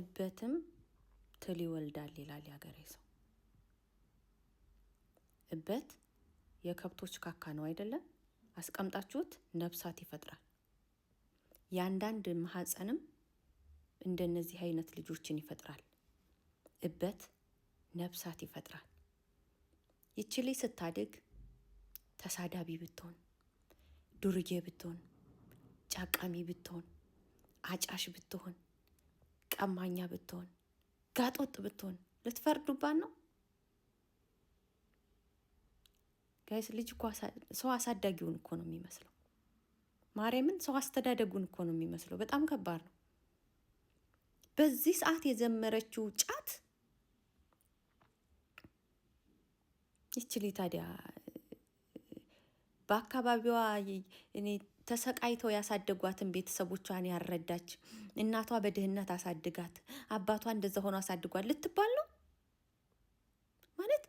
እበትም ትል ይወልዳል ይላል የሀገሬ ሰው። እበት የከብቶች ካካ ነው አይደለም? አስቀምጣችሁት ነፍሳት ይፈጥራል። የአንዳንድ ማህፀንም እንደነዚህ አይነት ልጆችን ይፈጥራል። እበት ነፍሳት ይፈጥራል። ይችሌ ስታድግ ተሳዳቢ ብትሆን ዱርጌ ብትሆን ጫቃሚ ብትሆን፣ አጫሽ ብትሆን፣ ቀማኛ ብትሆን፣ ጋጦጥ ብትሆን ልትፈርዱባት ነው ጋይስ። ልጅ እኮ ሰው አሳዳጊውን እኮ ነው የሚመስለው። ማርያምን ሰው አስተዳደጉን እኮ ነው የሚመስለው። በጣም ከባድ ነው። በዚህ ሰዓት የዘመረችው ጫት ይችል ታዲያ በአካባቢዋ እኔ ተሰቃይተው ያሳደጓትን ቤተሰቦቿን ያረዳች እናቷ በድህነት አሳድጋት አባቷ እንደዛ ሆኖ አሳድጓት ልትባል ነው ማለት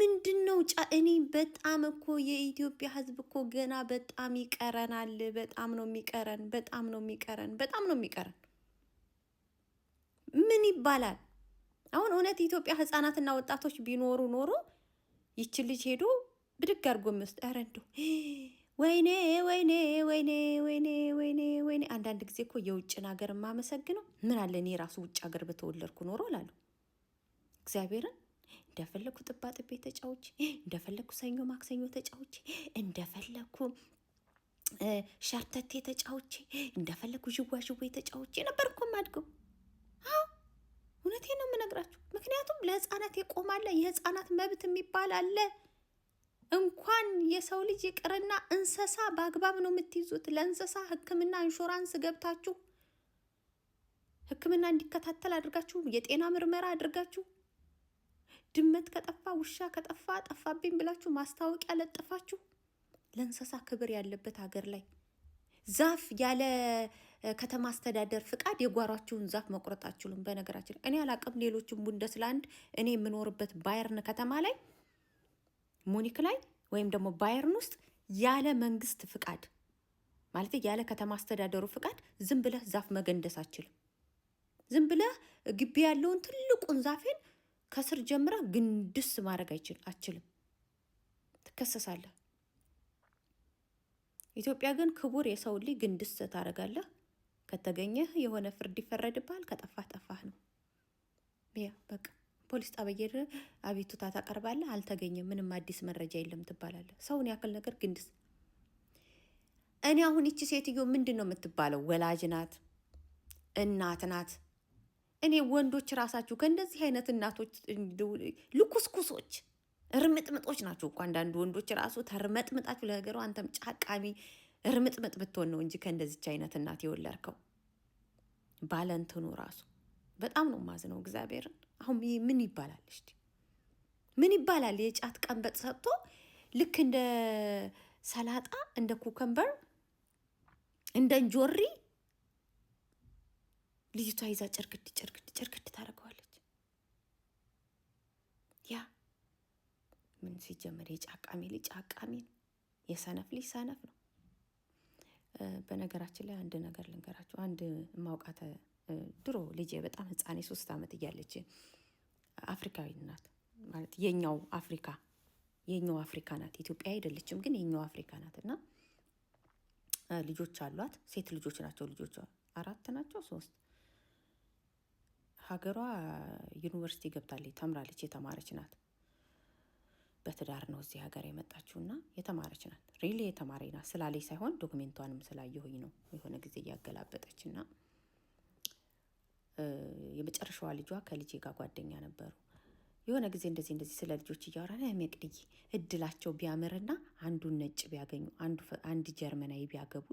ምንድን ነው? እኔ በጣም እኮ የኢትዮጵያ ሕዝብ እኮ ገና በጣም ይቀረናል። በጣም ነው የሚቀረን፣ በጣም ነው የሚቀረን፣ በጣም ነው የሚቀረን። ምን ይባላል አሁን? እውነት የኢትዮጵያ ሕጻናትና ወጣቶች ቢኖሩ ኖሮ ይች ልጅ ሄዶ ብድግ አድርጎ የሚወስድ ኧረ እንደው ወይኔ ወይኔ ወይኔ ወይኔ ወይኔ ወይኔ። አንዳንድ ጊዜ እኮ የውጭን ሀገር የማመሰግነው ምን አለ እኔ ራሱ ውጭ ሀገር በተወለድኩ ኖሮ ላሉ እግዚአብሔርን እንደፈለግኩ ጥባጥቤ ተጫውቼ እንደፈለግኩ ሰኞ ማክሰኞ ተጫውቼ እንደፈለግኩ ሸርተቴ ተጫውቼ እንደፈለግኩ ዥዋዥዌ ተጫውቼ ነበር እኮ የማድገው። እውነቴ ነው የምነግራችሁ። ምክንያቱም ለህፃናት የቆማለ የህፃናት መብት የሚባል አለ። እንኳን የሰው ልጅ ይቅርና እንስሳ በአግባብ ነው የምትይዙት። ለእንስሳ ሕክምና ኢንሹራንስ ገብታችሁ ሕክምና እንዲከታተል አድርጋችሁ የጤና ምርመራ አድርጋችሁ ድመት ከጠፋ ውሻ ከጠፋ ጠፋብኝ ብላችሁ ማስታወቂያ ለጥፋችሁ ለእንስሳ ክብር ያለበት ሀገር ላይ ዛፍ ያለ ከተማ አስተዳደር ፍቃድ የጓሯችሁን ዛፍ መቁረጥ አችሉም። በነገራችን እኔ አላቅም፣ ሌሎችም ቡንደስላንድ እኔ የምኖርበት ባየርን ከተማ ላይ ሙኒክ ላይ ወይም ደግሞ ባየርን ውስጥ ያለ መንግስት ፍቃድ ማለት ያለ ከተማ አስተዳደሩ ፍቃድ ዝም ብለህ ዛፍ መገንደስ አችልም። ዝም ብለህ ግቢ ያለውን ትልቁን ዛፌን ከስር ጀምረ ግንድስ ማድረግ አችልም፣ ትከሰሳለህ። ኢትዮጵያ ግን ክቡር የሰው ልጅ ግንድስ ታደርጋለህ። ከተገኘህ የሆነ ፍርድ ይፈረድብሃል፣ ከጠፋህ ጠፋህ ነው። በቃ ፖሊስ ጣቢያ አቤቱታ ታቀርባለህ። አልተገኘም፣ ምንም አዲስ መረጃ የለም ትባላለህ። ሰውን ያክል ነገር ግንድስ። እኔ አሁን ይቺ ሴትዮ ምንድን ነው የምትባለው? ወላጅ ናት፣ እናት ናት። እኔ ወንዶች ራሳችሁ ከእንደዚህ አይነት እናቶች ልኩስኩሶች እርምጥምጦች ናቸው እኮ አንዳንድ ወንዶች ራሱ ተርመጥምጣችሁ። ለነገሩ አንተም ጫቃሚ እርምጥምጥ ብትሆን ነው እንጂ ከእንደዚች አይነት እናት የወለድከው ባለንትኑ ራሱ በጣም ነው ማዝነው እግዚአብሔርን አሁን ምን ይባላል? እስቲ ምን ይባላል? የጫት ቀንበጥ ሰጥቶ ልክ እንደ ሰላጣ፣ እንደ ኩከምበር፣ እንደ እንጆሪ ልጅቷ ይዛ ጨርግድ ጨርግድ ጨርግድ ታደርገዋለች። ያ ምን ሲጀመር የጫቃሚ ልጅ ጫቃሚ ነው፣ የሰነፍ ልጅ ሰነፍ ነው። በነገራችን ላይ አንድ ነገር ልንገራችሁ። አንድ ማውቃተ ድሮ ልጄ በጣም ህፃኔ ሶስት ዓመት እያለች አፍሪካዊ ናት ማለት የኛው አፍሪካ የኛው አፍሪካ ናት። ኢትዮጵያ አይደለችም፣ ግን የኛው አፍሪካ ናት እና ልጆች አሏት። ሴት ልጆች ናቸው። ልጆች አራት ናቸው። ሶስት ሀገሯ ዩኒቨርሲቲ ገብታለች፣ ተምራለች፣ የተማረች ናት። በትዳር ነው እዚህ ሀገር የመጣችውና የተማረች ናት። ሪሊ የተማሪ ናት ስላለች ሳይሆን ዶክሜንቷንም ስላየሁኝ ነው። የሆነ ጊዜ እያገላበጠችና የመጨረሻዋ ልጇ ከልጄ ጋር ጓደኛ ነበሩ። የሆነ ጊዜ እንደዚህ እንደዚህ ስለ ልጆች እያወራን የሚያቅድይ እድላቸው ቢያምርና አንዱን ነጭ ቢያገኙ አንድ ጀርመናዊ ቢያገቡ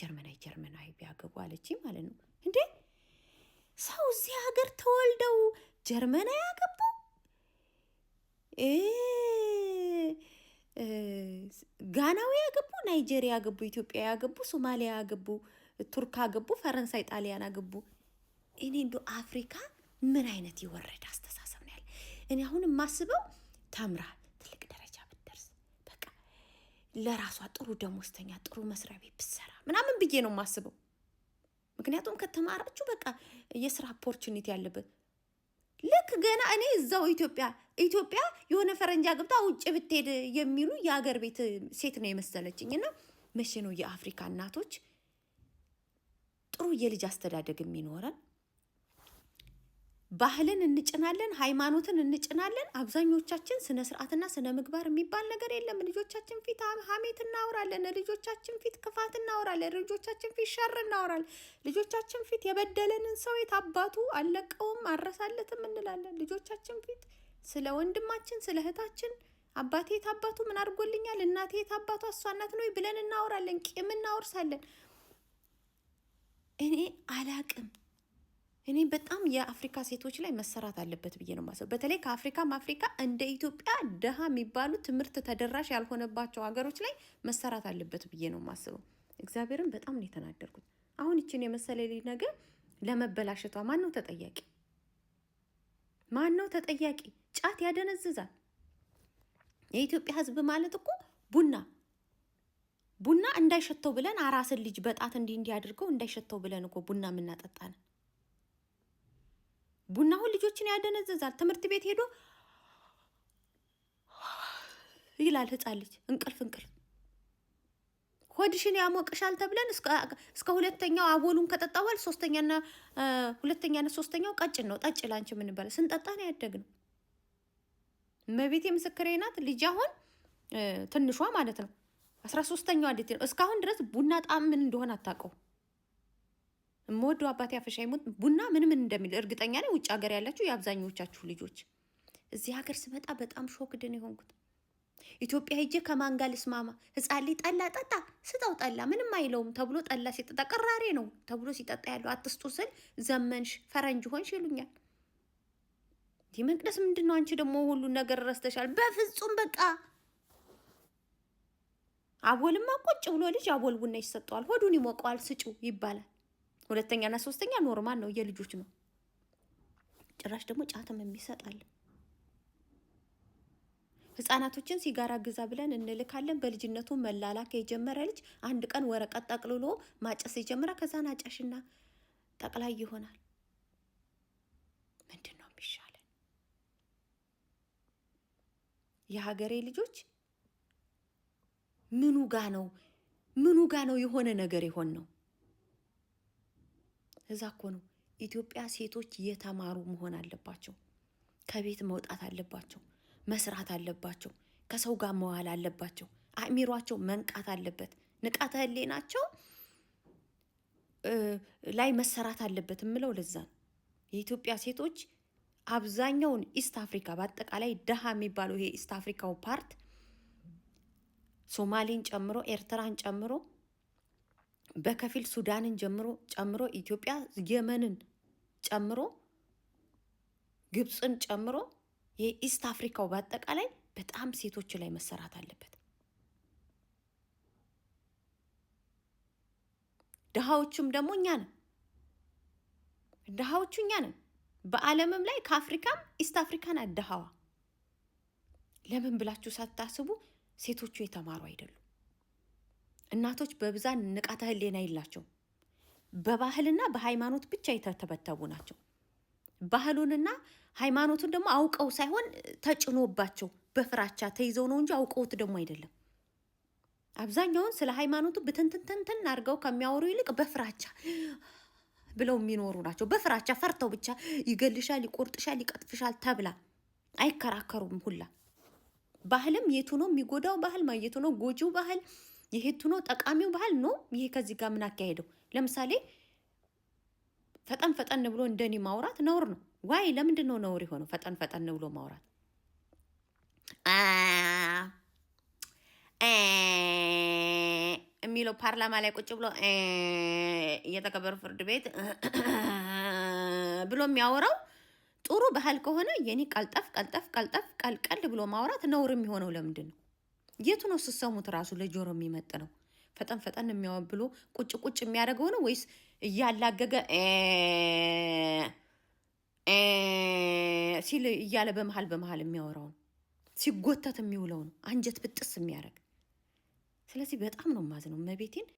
ጀርመናዊ ጀርመናዊ ቢያገቡ አለች ማለት ነው። እንዴ ሰው እዚህ ሀገር ተወልደው ጀርመናዊ ያገቡ ጋናዊ ያገቡ፣ ናይጄሪያ ያገቡ፣ ኢትዮጵያ ያገቡ፣ ሶማሊያ ያገቡ፣ ቱርክ ያገቡ፣ ፈረንሳይ፣ ጣሊያን ያገቡ። እኔ እንዶ አፍሪካ ምን አይነት የወረደ አስተሳሰብ ነው ያለ። እኔ አሁን የማስበው ተምራ ትልቅ ደረጃ ብትደርስ በቃ ለራሷ ጥሩ ደሞዝተኛ ጥሩ መስሪያ ቤት ብትሰራ ምናምን ብዬ ነው የማስበው። ምክንያቱም ከተማራችሁ በቃ የስራ ኦፖርቹኒቲ ያለበት ልክ ገና እኔ እዛው ኢትዮጵያ ኢትዮጵያ የሆነ ፈረንጃ ገብታ ውጭ ብትሄድ የሚሉ የሀገር ቤት ሴት ነው የመሰለችኝ። እና መቼ ነው የአፍሪካ እናቶች ጥሩ የልጅ አስተዳደግ የሚኖረን? ባህልን እንጭናለን፣ ሃይማኖትን እንጭናለን። አብዛኞቻችን ስነ ስርዓትና ስነ ምግባር የሚባል ነገር የለም። ልጆቻችን ፊት ሀሜት እናወራለን፣ ልጆቻችን ፊት ክፋት እናወራለን፣ ልጆቻችን ፊት ሸር እናወራለን፣ ልጆቻችን ፊት የበደለንን ሰው የት አባቱ አለቀውም አረሳለትም እንላለን። ልጆቻችን ፊት ስለ ወንድማችን ስለ እህታችን አባቴ የት አባቱ ምን አድርጎልኛል፣ እናቴ የት አባቷ እሷ እናት ነው ብለን እናወራለን፣ ቂም እናወርሳለን። እኔ አላቅም እኔ በጣም የአፍሪካ ሴቶች ላይ መሰራት አለበት ብዬ ነው ማሰብ። በተለይ ከአፍሪካም አፍሪካ እንደ ኢትዮጵያ ድሃ የሚባሉ ትምህርት ተደራሽ ያልሆነባቸው ሀገሮች ላይ መሰራት አለበት ብዬ ነው ማስበው። እግዚአብሔርን በጣም ነው የተናደርኩት። አሁን ይችን የመሰለ ነገር ለመበላሸቷ ማን ነው ተጠያቂ? ማን ነው ተጠያቂ? ጫት ያደነዝዛል። የኢትዮጵያ ሕዝብ ማለት እኮ ቡና ቡና እንዳይሸተው ብለን አራስን ልጅ በጣት እንዲህ እንዲህ አድርገው እንዳይሸተው ብለን እኮ ቡና የምናጠጣ ነው። ቡናውን ልጆችን ያደነዘዛል። ትምህርት ቤት ሄዶ ይላል ህፃን ልጅ እንቅልፍ እንቅልፍ ሆድሽን ያሞቅሻል ተብለን እስከ ሁለተኛው አቦሉን ከጠጣዋል ሶስተኛና ሁለተኛና ሶስተኛው ቀጭን ነው። ጠጭ ላንቺ የምንበለ ስንጠጣ ነው ያደግነው። መቤቴ ምስክሬ ናት። ልጅ አሁን ትንሿ ማለት ነው አስራ ሶስተኛው እንዴት ነው እስካሁን ድረስ ቡና ጣም ምን እንደሆነ አታውቀው። የምወደው አባቴ አፈሻ ይሞት ቡና ምን ምን እንደሚል እርግጠኛ ነኝ። ውጭ ሀገር ያላችሁ የአብዛኞቻችሁ ልጆች፣ እዚህ ሀገር ስመጣ በጣም ሾክድን የሆንኩት ኢትዮጵያ ሄጄ ከማን ጋር ልስማማ? ህፃን ልጅ ጠላ ጠጣ ስጠው፣ ጠላ ምንም አይለውም ተብሎ ጠላ ሲጠጣ ቅራሬ ነው ተብሎ ሲጠጣ ያለው አትስጡ ስል ዘመንሽ ፈረንጅ ሆንሽ ይሉኛል። ይህ መቅደስ ምንድን ነው? አንቺ ደግሞ ሁሉ ነገር ረስተሻል። በፍጹም በቃ አቦልማ ቁጭ ብሎ ልጅ አቦል ቡና ይሰጠዋል፣ ሆዱን ይሞቀዋል፣ ስጩ ይባላል። ሁለተኛና ሶስተኛ ኖርማል ነው፣ የልጆች ነው። ጭራሽ ደግሞ ጫትም የሚሰጣል። ህጻናቶችን ሲጋራ ግዛ ብለን እንልካለን። በልጅነቱ መላላክ የጀመረ ልጅ አንድ ቀን ወረቀት ጠቅልሎ ማጨስ ይጀምራል። ከዛን አጫሽና ጠቅላይ ይሆናል። ምንድን ነው የሚሻለን? የሀገሬ ልጆች ምኑ ጋ ነው ምኑ ጋ ነው የሆነ ነገር የሆን ነው እዛ እኮ ነው ኢትዮጵያ ሴቶች የተማሩ መሆን አለባቸው። ከቤት መውጣት አለባቸው። መስራት አለባቸው። ከሰው ጋር መዋል አለባቸው። አእሚሯቸው መንቃት አለበት። ንቃተ ህሊናቸው ላይ መሰራት አለበት የምለው ለዛ ነው። የኢትዮጵያ ሴቶች አብዛኛውን ኢስት አፍሪካ በአጠቃላይ ድሃ የሚባለው ይሄ ኢስት አፍሪካው ፓርት ሶማሌን ጨምሮ ኤርትራን ጨምሮ በከፊል ሱዳንን ጀምሮ ጨምሮ ኢትዮጵያ የመንን ጨምሮ ግብፅን ጨምሮ የኢስት አፍሪካው በአጠቃላይ በጣም ሴቶች ላይ መሰራት አለበት። ድሃዎቹም ደግሞ እኛ ነን። ድሃዎቹ እኛ ነን። በዓለምም ላይ ከአፍሪካም ኢስት አፍሪካን ድሃዋ ለምን ብላችሁ ሳታስቡ ሴቶቹ የተማሩ አይደሉም። እናቶች በብዛት ንቃተ ህሊና የላቸው። በባህልና በሃይማኖት ብቻ የተተበተቡ ናቸው። ባህሉንና ሃይማኖቱን ደግሞ አውቀው ሳይሆን ተጭኖባቸው በፍራቻ ተይዘው ነው እንጂ አውቀውት ደግሞ አይደለም። አብዛኛውን ስለ ሃይማኖቱ ብትንትንትንትን አድርገው ከሚያወሩ ይልቅ በፍራቻ ብለው የሚኖሩ ናቸው። በፍራቻ ፈርተው ብቻ ይገልሻል፣ ይቆርጥሻል፣ ይቀጥፍሻል ተብላ አይከራከሩም። ሁላ ባህልም የቱ ነው የሚጎዳው ባህል ማየቱ ነው ጎጂው ባህል የሄቱ ነው ጠቃሚው ባህል ነው። ይሄ ከዚህ ጋር ምን አካሄደው? ለምሳሌ ፈጠን ፈጠን ብሎ እንደኔ ማውራት ነውር ነው ዋይ? ለምንድን ነው ነውር የሆነው? ፈጠን ፈጠን ብሎ ማውራት የሚለው ፓርላማ ላይ ቁጭ ብሎ እየተከበሩ ፍርድ ቤት ብሎ የሚያወራው ጥሩ ባህል ከሆነ የኔ ቀልጠፍ ቀልጠፍ ቀልጠፍ ቀልቀል ብሎ ማውራት ነውር የሚሆነው ለምንድን ነው? የቱ ነው ስሰሙት ራሱ ለጆሮ የሚመጥ ነው? ፈጠን ፈጠን የሚያወን ብሎ ቁጭ ቁጭ የሚያደርገው ነው ወይስ እያላገገ ሲል እያለ በመሀል በመሀል የሚያወራው ነው? ሲጎተት የሚውለው ነው? አንጀት ብጥስ የሚያደርግ ስለዚህ በጣም ነው ነው መቤቴን